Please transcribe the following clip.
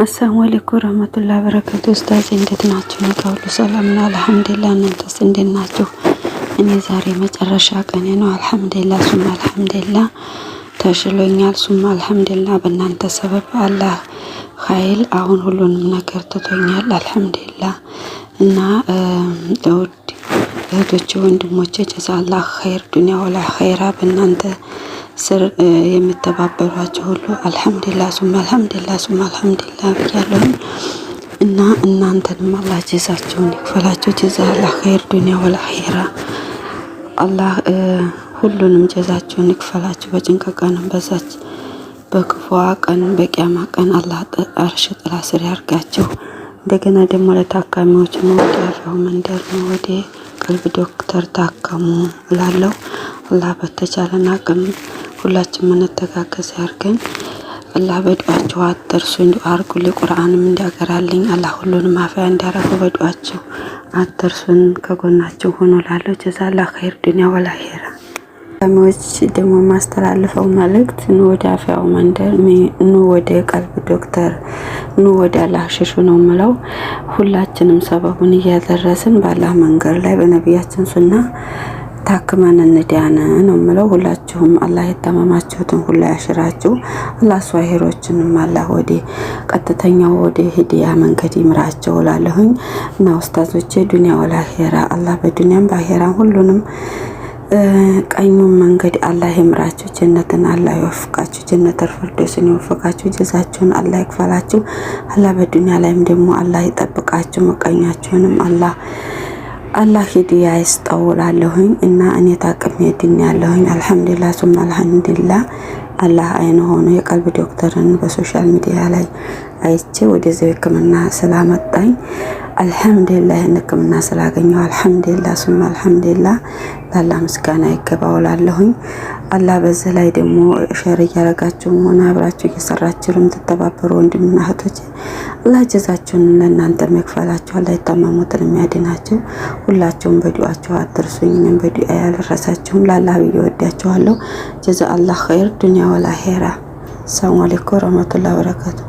አሰላሙ አለይኩም ወራህመቱላሂ ወበረካቱ። ኡስታዝ እንዴት ናችሁ? ከሁሉ ሰላም ነው አልሐምዱሊላህ። እናንተስ እንዴት ናችሁ? እኔ ዛሬ መጨረሻ ቀኔ ነው አልሐምዱሊላህ። ሱም አልሐምዱሊላህ ተሽሎኛል። ሱም አልሐምዱሊላህ በእናንተ ሰበብ አላህ ኃይል አሁን ሁሉንም ነገር ትቶኛል አልሐምዱሊላህ። እና ለውድ እህቶቼ ወንድሞቼ ጀዛላህ ኸይር ዱንያ ወላ ኸይራ በእናንተ ስር የምተባበሯቸው ሁሉ አልሐምዱላ ሱም አልሐምዱላ ሱም አልሐምዱላ ብያለሁኝ እና እናንተንም አላህ ጀዛችሁን ይክፈላችሁ። ጀዛ አላህ ኸይር ዱኒያ ወላኺራ አላህ ሁሉንም ጀዛችሁን ይክፈላችሁ። በጭንቅ ቀንም በዛች በክፉዋ ቀን በቂያማ ቀን አላህ አርሽ ጥላ ስር ያርጋችሁ። እንደገና ደግሞ ለታካሚዎች መውጥ ያለው መንደር ነው ወደ ቀልብ ዶክተር ታከሙ እላለሁ። አላህ በተቻለን አቅም ሁላችን መነተጋገዝ ያርገን። አላህ በዱዓችሁ አትርሱኝ። እንዲ አርጉ ቁርአንም እንዲያገራልኝ አላህ ሁሉንም አፍያ እንዲያረጉ በዱዓችሁ አትርሱን። ከጎናችሁ ሆኖ ላለው ጀዛላ ኸይር ዱንያ ወላ ሄራ ዎች ደግሞ ማስተላልፈው መልእክት ኑ ወደ አፍያው መንደር፣ ኑ ወደ ቀልብ ዶክተር፣ ኑ ወደ አላህ ሽሹ ነው ምለው። ሁላችንም ሰበቡን እያደረስን በአላህ መንገድ ላይ በነቢያችን ሱና ታክመን እንዲያነ ነው ምለው። ሁላችሁም አላህ የታመማችሁትን ሁላ ያሽራችሁ። አላህ ሷሂሮችንም አላህ ወደ ቀጥተኛው ወደ ሂዲያ መንገድ ይምራቸው እላለሁኝ እና ኡስታዞቼ ዱንያ ወላሂራ አላህ በዱንያም በአሄራ ሁሉንም ቀኙን መንገድ አላህ ይምራችሁ። ጀነትን አላህ ይወፍቃችሁ። ጀነት ፍርዶስን ይወፍቃችሁ። ጀዛችሁን አላህ ይክፈላችሁ። አላህ በዱንያ ላይም ደግሞ አላህ ይጠብቃችሁ። መቀኛችሁንም አላህ አላህ ሂድያ ይስጠው እና እኔ የድን ያለሁኝ አልሐምዱሊላህ ሱም አልሐምዱሊላህ። አላህ አይን ሆኖ የቀልብ ዶክተርን በሶሻል ሚዲያ ላይ አይቼ ወደዚህ ሕክምና ስላመጣኝ አልሐምዱሊላህ ይህን ሕክምና ስላገኘው አልሐምዱሊላህ ሱም አልሐምዱሊላህ። ለአላህ ምስጋና ይገባው አላህ በዚህ ላይ ደግሞ ሸር እያረጋችሁም ሆነ አብራችሁ እየሰራችሁ ለምትተባበሩ ወንድምና እህቶች አላህ ጀዛችሁን ለእናንተ መክፈላችሁ ያደርጋቸው አላህ የታመሙትን የሚያድናቸው። ሁላችሁም በዱዓችሁ አትርሱኝ፣ ምን በዱዓ ያልረሳችሁም ለአላህ ብዬ ወዳችኋለሁ። ጀዛ አላህ ኸይር ዱንያ ወላ ሄራ። ሰላም አለይኩም ወረህመቱላሂ ወበረካቱ